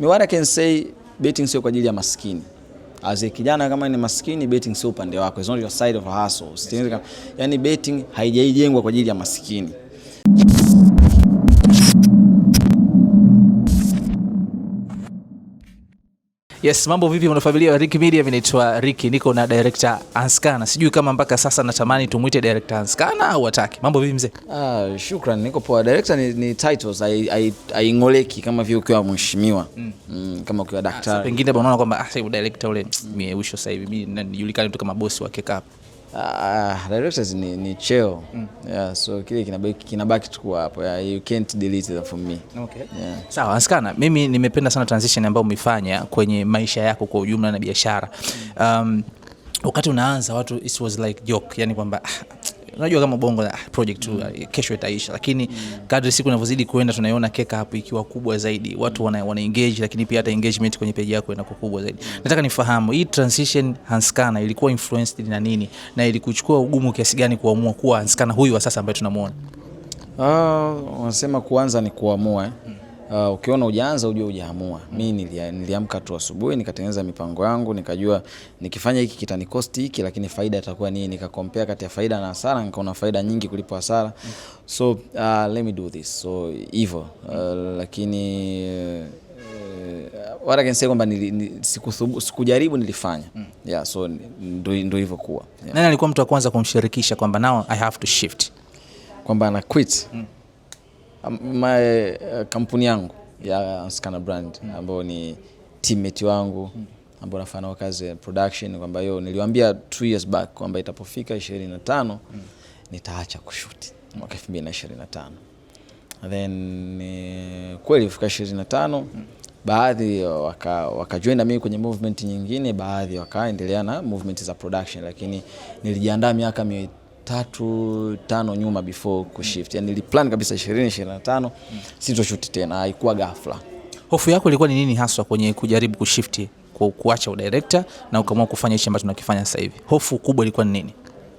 Miwana can say betting sio kwa ajili ya maskini. As a kijana kama ni maskini, betting sio upande wako. It's not your side of hustle. Yes. Yani betting haijajengwa kwa ajili ya maskini. Yes, mambo vipi mwanafamilia Rick Media, vinaitwa Rick, niko na director Anskana. Sijui kama mpaka sasa natamani tumuite director Anskana au ataki. Mambo vipi mzee? Ah, shukrani, niko poa. Director ni, ni titles haingoleki kama vile ukiwa mheshimiwa mm. Mm, kama ukiwa ah, daktari. so pengine bwana unaona kwamba ah, sasa director ule mimi usho sasa hivi mimi najulikana tu kama bosi wa Kekap. Uh, directors ni, ni cheo mm. Yeah, so kile kinabaki kinabaki tu kwa hapo. Yeah, you can't delete them from me. Okay. Yeah. Sawa, askana. Mimi nimependa sana transition ambayo umefanya kwenye maisha yako kwa ujumla na biashara. Mm. Um, wakati unaanza watu it was like joke, yani kwamba ah, unajua kama bongo ah, project mm. Eh, kesho itaisha, lakini mm. kadri siku inavyozidi kuenda tunaiona keka hapo ikiwa kubwa zaidi, watu mm. wana, wana engage, lakini pia hata engagement kwenye page yako inakuwa kubwa zaidi. Mm. Nataka nifahamu hii transition Hanskana ilikuwa influenced na nini na ilikuchukua ugumu kiasi gani kuamua kuwa Hanskana huyu wa sasa ambaye tunamuona? Ah, wanasema kuanza ni kuamua eh? mm uh, ukiona ujaanza ujue ujaamua. Mimi nilia, niliamka tu asubuhi nikatengeneza mipango yangu nikajua nikifanya hiki kitanikosti hiki, lakini faida itakuwa nini, nikakompea kati ya faida na hasara, nikaona faida nyingi kuliko hasara. So uh, let me do this, so hivyo uh, lakini uh, what I can say kwamba sikujaribu nilifanya. Mm. Yeah, so ndo hivyo kuwa. Yeah. Nani alikuwa mtu wa kwanza kumshirikisha kwamba now I have to shift, kwamba ana quit? Mm my, uh, eh, kampuni yangu ya Scanner Brand hmm. ambayo ni teammate wangu hmm. ambao nafanya kazi ya production, kwamba hiyo niliwaambia 2 years back kwamba itapofika 25 mm. nitaacha kushuti mwaka 2025 then eh, kweli ifika 25 mm. baadhi waka, waka join na mimi kwenye movement nyingine, baadhi wakaendelea na movement za production, lakini nilijiandaa miaka tatu tano nyuma before kushift. Yani niliplan kabisa 20 25 sitoshuti tena, haikuwa ghafla. Hofu yako ilikuwa ni nini haswa kwenye kujaribu kushifti kuacha udirekta na ukaamua kufanya hichi ambacho tunakifanya sasa hivi? Hofu kubwa ilikuwa ni nini?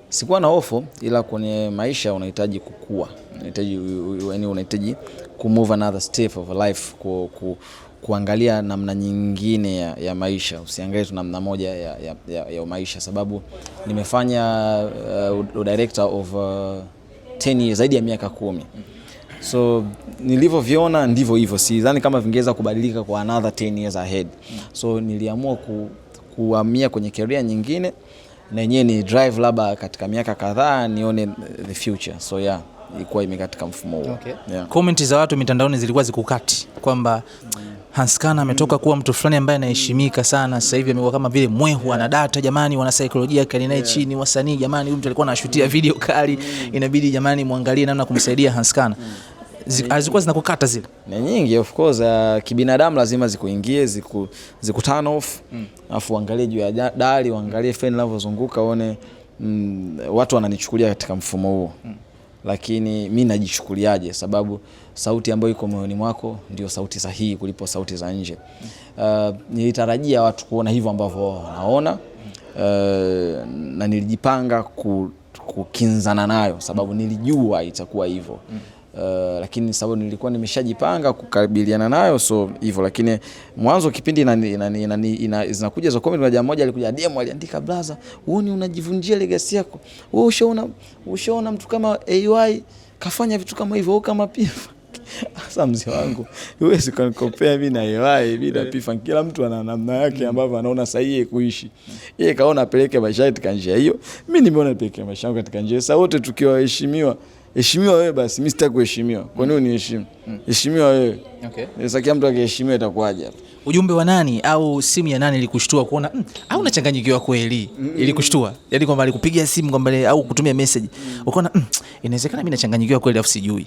Sikuwa na hofu, ila kwenye maisha unahitaji kukua, unahitaji yani, unahitaji kumove another step of life ku, ku, kuangalia namna nyingine ya, ya maisha. Usiangalie tu namna moja ya, ya, ya, ya maisha, sababu nimefanya uh, director of uh, 10 years, zaidi ya miaka kumi. So nilivyoviona ndivyo hivyo, sidhani kama vingeweza kubadilika kwa another 10 years ahead. So niliamua ku, kuhamia kwenye career nyingine na yenyewe ni drive labda katika miaka kadhaa nione the future. So yeah ilikuwa imekatika mfumo huo. Okay. Yeah. Comment za watu mitandaoni zilikuwa zikukati kwamba Hanskana ametoka kuwa mtu fulani ambaye anaheshimika sana, sasa hivi amekuwa kama vile mwehu, ana data. Jamani, wana saikolojia kali naye chini, wasanii jamani, huyu mtu alikuwa anashutia video kali, mm. inabidi jamani muangalie namna kumsaidia Hanskana. Mm. Zilikuwa zinakukata zile na nyingi, of course, uh, kibinadamu lazima zikuingie, ziku, ziku turn off, mm. alafu mm. uangalie juu ya dari, uangalie feni inavyozunguka, uone mm, watu wananichukulia katika mfumo huo mm lakini mi najichukuliaje, sababu sauti ambayo iko moyoni mwako ndio sauti sahihi kulipo sauti za nje. Uh, nilitarajia watu kuona hivyo ambavyo wanaona Uh, na nilijipanga kukinzana nayo sababu nilijua itakuwa hivyo. Eh, lakini sababu nilikuwa nimeshajipanga kukabiliana nayo so hivyo, lakini mwanzo kipindi zinakuja za comedy, mmoja mmoja alikuja DM aliandika, blaza, uoni unajivunjia legacy yako wewe, ushaona ushaona mtu kama AY kafanya vitu kama hivyo kama Pifa. Sasa mzee wangu, huwezi kunikopea mimi na AY mimi na Pifa, kila mtu ana namna yake ambavyo anaona sahihi kuishi. Yeye kaona apeleke maisha yake katika njia hiyo, mimi nimeona apeleke maisha yangu katika njia. Sasa wote tukiwaheshimiwa heshimiwa wewe basi, mimi sitaki kuheshimiwa. Kwa nini uniheshimu? Hmm. Heshimiwa wewe. Okay. Eh, sasa kila mtu akiheshimiwa itakuwaje? Ujumbe wa nani au simu ya nani ilikushtua kuona mm, au hmm. unachanganyikiwa kweli? mm -mm. Ilikushtua yaani kwamba alikupigia simu kwamba au kutumia message mm, ukaona mm, inawezekana mimi nachanganyikiwa kweli afu sijui.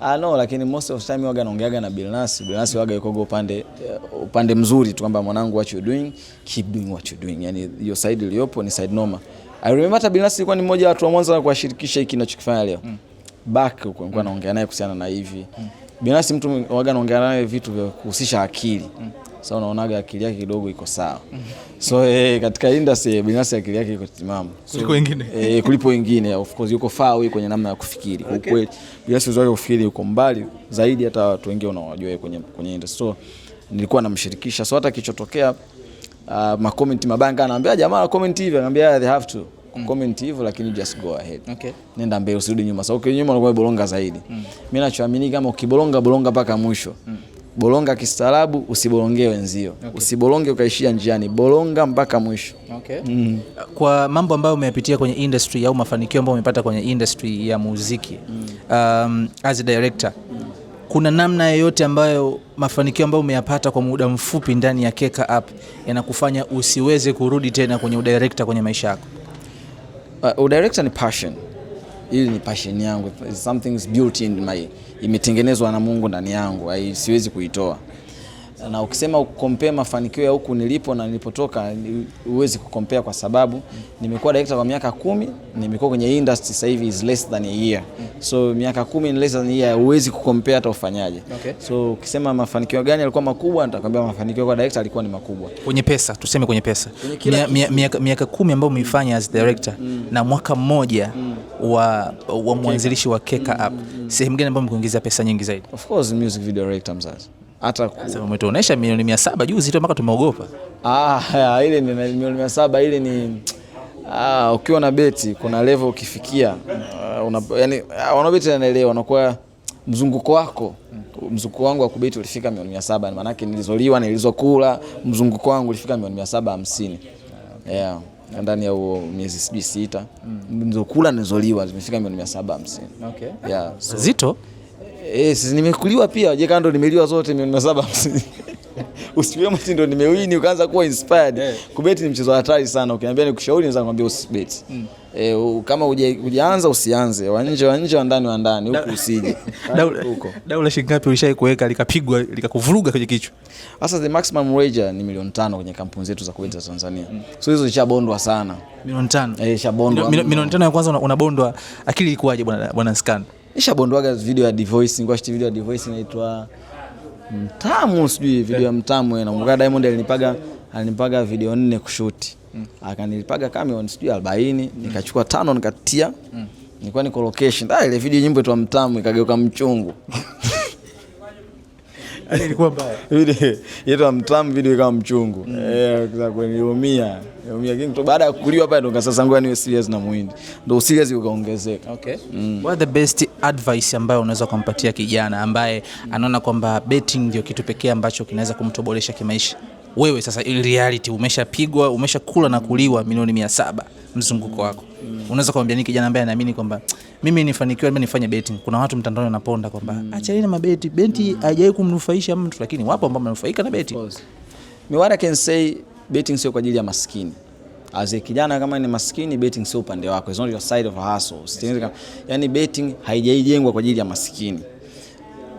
Ah, no, lakini most of time waga naongeaga na Bilnas. Bilnas waga yuko upande uh, upande mzuri tu kwamba mwanangu, what you doing, keep doing what you doing. Yani hiyo side iliyopo ni side noma. I remember hata Bilnas ilikuwa ni mmoja wa watu wa mwanzo na kuwashirikisha hiki ninachokifanya leo mm back huko nilikuwa naongea naye kuhusiana na hivi mm. Binafsi mtu waga naongea naye vitu vya kuhusisha akili mm. Sasa so, unaonaga akili yake kidogo iko sawa mm. so eh, katika industry binafsi akili yake iko timamu so, kuliko wengine eh, kulipo wengine of course yuko far away kwenye namna ya kufikiri kwa okay. Kweli binafsi uwezo kufikiri yuko mbali zaidi hata watu wengine unaowajua kwenye kwenye industry so nilikuwa namshirikisha so hata kichotokea uh, ma comment mabaya, anaambia jamaa comment hivi, anaambia they have to Mm. comment hivyo, lakini just go ahead. Okay. Nenda mbele usirudi nyuma. Sasa ukirudi nyuma unakuwa bolonga zaidi. Mm. Mimi nachoamini kama ukibolonga bolonga mpaka mwisho. Mm. Bolonga kistaarabu, usibolongee wenzio. Okay. Usibolonge ukaishia njiani, bolonga mpaka mwisho. Okay. Mm. Kwa mambo ambayo umeyapitia kwenye industry au mafanikio ambayo umepata kwenye industry ya muziki mm. um, as a director mm. kuna namna yoyote ambayo mafanikio ambayo umeyapata kwa muda mfupi ndani ya Keka App yanakufanya usiweze kurudi tena kwenye udirector kwenye maisha yako? uh, udirector uh, ni passion. Hii ni passion yangu, something's built in my, imetengenezwa na Mungu ndani yangu, siwezi kuitoa na ukisema ukompea mafanikio ya huku nilipo na nilipotoka, huwezi kukompea kwa sababu nimekuwa director kwa miaka kumi, nimekuwa kwenye industry sasa hivi is less than a year, so miaka kumi ni less than a year, huwezi kukompea hata ufanyaje. Okay. So ukisema mafanikio gani yalikuwa makubwa, nitakwambia mafanikio kwa director alikuwa ni makubwa kwenye pesa, tuseme kwenye pesa, kwenye mia, mia, miaka kumi ambayo umeifanya as director mm. mm. na mwaka mmoja mm. wa, wa mwanzilishi wa Keka mm. App mm, mm. sehemu gani ambayo mkuingiza pesa nyingi zaidi? Of course music video director mzazi hata umetuonesha milioni mia saba juzi tu mpaka tumeogopa. Ah, ile ni milioni mia saba ile ni ah, ukiwa na beti kuna level ukifikia, ah, una yani ah, wanaobeti anaelewa wanakuwa mzunguko wako mzunguko wangu wa kubeti ulifika milioni mia saba maana yake nilizoliwa nilizokula mzunguko wangu ulifika milioni mia saba hamsini yeah ndani ya huo miezi sijui sita mm. nilizokula nilizoliwa zimefika milioni mia saba hamsini. Okay. Yeah, so. Zito Yes, eh, nimekuliwa pia. Je, kando nimeliwa zote milioni mia saba hamsini. Usiwe mtu ndo nimewini ukaanza kuwa inspired. Yeah. Kubeti ni mchezo hatari sana. Ukiambia nikushauri naweza kwambia usibeti. Mm. E, kama hujaanza usianze. Wanje wanje wa nje ndani wa ndani huku usije. Huko. Daula shilingi ngapi ulishai kuweka likapigwa likakuvuruga kwenye kichwa? Sasa the maximum wager ni milioni tano kwenye kampuni zetu za kubeti za Tanzania. Mm. So hizo zishabondwa sana. Milioni tano. Eh, shabondwa. Milioni tano ya kwanza unabondwa. Akili ilikuwaje bwana bwana Scan? nishabondwaga video ya Divoice, ngwa video ya Divoice inaitwa Mtamu, sijui video ya Mtamu. na eh, Nakumbuka Diamond alinipaga alinipaga video nne kushuti mm. akanilipaga Cameron sijui arobaini mm. nikachukua tano nikatia mm. nilikuwa niko location. Ah, ile video nyimbo itwa Mtamu ikageuka mchungu yaani ilikuwa mbaya, itwa Mtamu video ikawa mchungu mm. eh, kwa kweli niumia niumia, lakini to baada ya kuliwa hapa ndo sasa, ngoja niwe serious na muhindi, ndo serious ukaongezeka. Okay, mm. what the best advice ambayo unaweza ukampatia kijana ambaye anaona kwamba betting ndio kitu pekee ambacho kinaweza kumtobolesha kimaisha? Wewe sasa, in reality umeshapigwa, umeshakula na kuliwa milioni mia saba mzunguko wako, mm. unaweza kumwambia nini kijana ambaye anaamini kwamba mimi nifanikiwe ama nifanye betting? Kuna watu mtandaoni wanaponda kwamba mm. acheni na mabeti, beti mm. haijawahi kumnufaisha mtu, lakini wapo ambao wamenufaika na beti. I can say betting sio kwa ajili ya maskini. As a kijana kama ni maskini, betting sio upande wako, it's not your side of a hustle. Yes. Yani betting haijaijengwa kwa ajili ya maskini.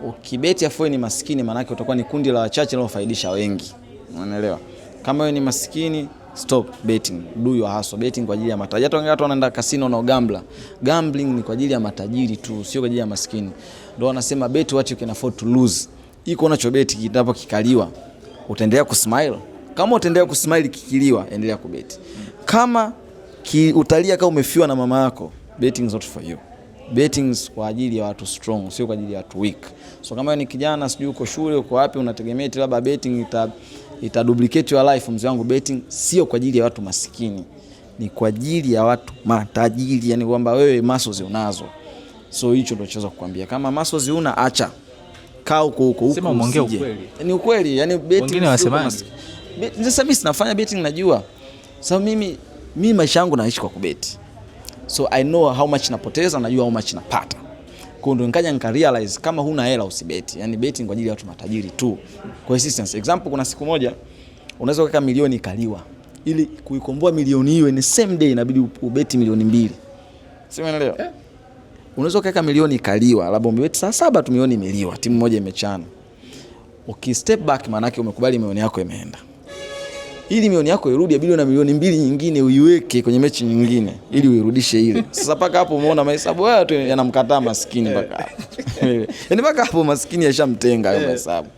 Ukibeti afu ni maskini, maanake utakuwa ni kundi la wachache linalofaidisha wengi, unaelewa? Kama wewe ni maskini Stop betting, do your hustle. Betting kwa ajili ya matajiri. Hata wengine watu wanaenda casino na gambler. Gambling ni kwa ajili ya matajiri tu, sio kwa ajili ya maskini. Ndio wanasema bet what you can afford to lose. Iko unachobeti kitapo kikaliwa, utaendelea kusmile. Kama utaendelea kusmile kikiliwa, endelea kubeti. Kama ki, utalia kama umefiwa na mama yako, betting is not for you. Betting is kwa ajili ya watu strong, sio kwa ajili ya watu weak. So kama ni kijana sijui uko shule uko wapi unategemea labda betting ita, ita duplicate your life, mzee wangu, betting sio kwa ajili ya watu masikini, ni kwa ajili ya watu matajiri, yani kwamba wewe muscles unazo. So hicho ndio chaweza kukwambia. Kama muscles una acha, kaa huko huko huko. Sema muongee ukweli. Ni ukweli, yani betting. Wengine wasemaje? sasa mimi sinafanya betting najua. So mimi mimi maisha yangu naishi kwa kubeti. So I know how much napoteza, najua how much napata. Kwa ndo nikaja nika realize kama huna hela usibeti. Yaani betting kwa ajili ya watu matajiri tu. Kwa instance, example kuna siku moja unaweza kuweka milioni ikaliwa. Ili kuikomboa milioni hiyo in same day inabidi ubeti milioni mbili. Sio unaelewa? Yeah. Unaweza kuweka milioni ikaliwa, labda umebeti saa saba tu milioni imeliwa, timu moja imechana. Ukistep step back maana yake umekubali milioni yako imeenda ili milioni yako irudi, abidi na milioni mbili nyingine uiweke kwenye mechi nyingine ili uirudishe ile. Sasa paka hapo umeona mahesabu haya tu yanamkataa maskini paka eh. yani paka hapo maskini yashamtenga hayo eh. mahesabu.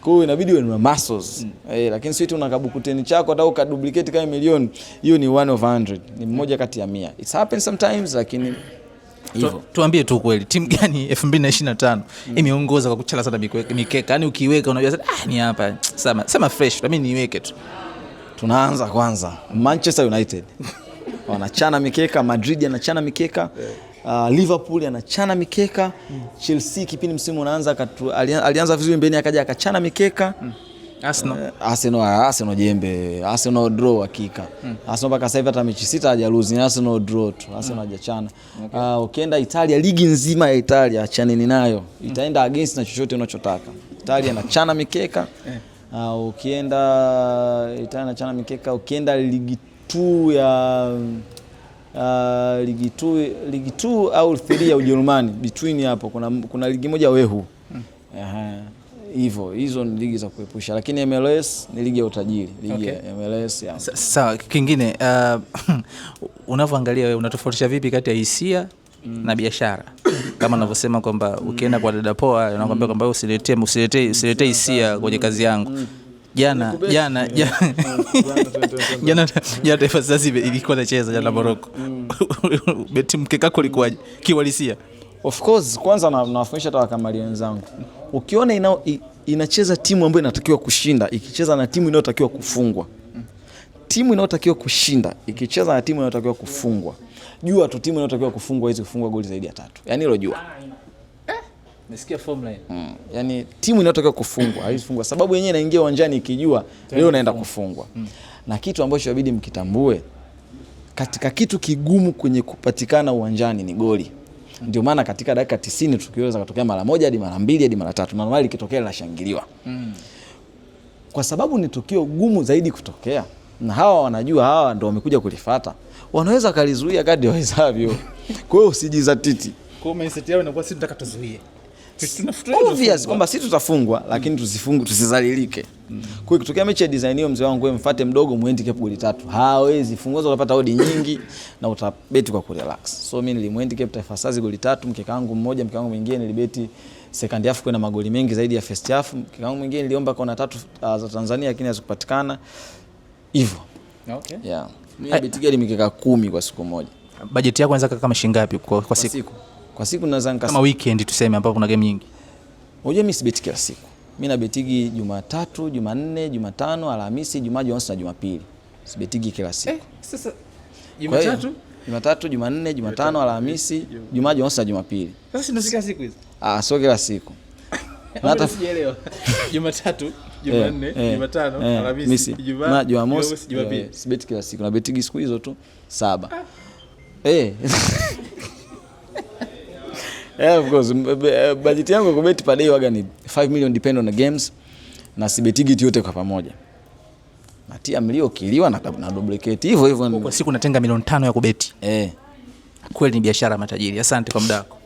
Kwa inabidi uwe na muscles. Hmm. Eh, lakini sio tu una kabukuteni chako au kaduplicate kama milioni, hiyo ni 1 of 100. Ni mmoja kati ya 100. It happens sometimes lakini tu, Tuambie tu kweli timu gani 2025 mm. imeongoza kwa kuchala sana mikeka. Yaani ukiweka unajua ah, ni hapa. Sema sema fresh, mimi niweke tu. Tunaanza kwanza Manchester United wanachana mikeka, Madrid anachana mikeka Uh, Liverpool anachana mikeka mm. Chelsea kipindi msimu unaanza katu, alianza vizuri mbeni akaja akachana mikeka mm. Arsenal uh, Arsenal ah, Arsenal jembe Arsenal draw hakika mm. Arsenal mpaka sasa hivi hata mechi sita hajaluzi Arsenal draw tu Arsenal hmm. hajachana mm. okay. Uh, ukienda Italia ligi nzima ya Italia achaneni nayo hmm. itaenda against na chochote unachotaka Italia anachana mikeka yeah. Uh, ukienda itana chana mikeka, ukienda ligi tu ya uh, ligi tu ligi tu au thiri ya Ujerumani between hapo kuna, kuna ligi moja Wehu hmm. hivyo uh -huh. Hizo ni ligi za kuepusha, lakini MLS ni ligi ya utajiri, ligi okay. ya MLS ya sawa. Kingine uh, unavyoangalia wewe unatofautisha vipi kati ya hisia mm. na biashara? kama navyosema kwamba ukienda kwa dada poa anakuambia kwamba usiletee usiletee usiletee hisia kwenye kazi yangu jana jana mm. jana jana Taifa Stars ilikuwa inacheza jana Morocco. Mm. Beti mkekako likuwaje kiwalisia? Of course, kwanza nawafundisha hata wakamali wenzangu, ukiona inacheza timu ambayo inatakiwa kushinda ikicheza na timu inayotakiwa kufungwa timu inayotakiwa kushinda ikicheza na timu inayotakiwa kufungwa, jua tu timu inayotakiwa kufungwa haiwezi kufungwa goli zaidi ya tatu. Yani hilo jua eh? formula hii. mm. Yani timu inayotakiwa kufungwa haiwezi kufungwa, sababu yenyewe inaingia uwanjani ikijua leo naenda kufungwa mm. Na kitu ambacho inabidi mkitambue katika kitu kigumu kwenye kupatikana uwanjani ni goli ndio maana katika dakika tisini tukiweza kutokea mara moja hadi mara mbili hadi mara tatu, na normali ikitokea linashangiliwa mm. kwa sababu ni tukio gumu zaidi kutokea na hawa wanajua hawa ndo wamekuja kulifata, wanaweza kalizuia kadri wawezavyo. Kwa hiyo usijizatiti obvious kwamba si tutafungwa, lakini tusifunge, tusizalilike. Kwa hiyo kutokea mechi ya design hiyo, mzee wangu, wewe mfate mdogo, muende cap goli tatu, hawezi funguza, utapata odi nyingi na utabeti kwa kurelax. So mimi nilimwende cap Taifa Stars goli tatu, mkeka wangu mmoja, mkeka wangu mwingine nilibeti second half kwenda magoli mengi zaidi ya first half, mkeka wangu mwingine niliomba kona tatu uh, za Tanzania, lakini hazikupatikana hivyo okay. Yeah. Mimi betigeli mikeka kumi kwa siku moja. Bajeti yako inaweza kama shilingi ngapi kwa, kwa siku? kwa siku naweza nikasema kama weekend tuseme, ambapo kuna game nyingi. Unajua mimi sibeti kila siku, mimi nabetigi Jumatatu, Jumanne, Jumatano, Alhamisi, jumaa Jumamosi na Jumapili. Sibetigi kila siku eh, sasa Jumatatu Jumatatu, Jumanne, Jumatano, Alhamisi, Jumaa, Jumamosi na Jumapili. Sasa sio kila siku hizo. Ah, sio kila siku. Hata sijaelewa. Jumatatu Jumanne, eh, eh, Jumatano, eh, Alhamisi, Sibeti kila siku na betigi siku hizo tu saba. Yeah, of course. Bajeti yangu kubeti per day waga ni 5 million depend on the games na sibetigi yote kwa pamoja. Natia mlio kiliwa na na duplicate hivyo hivyo. Kwa siku natenga milioni tano ya kubeti. Eh. Kweli ni biashara matajiri. Asante kwa muda wako.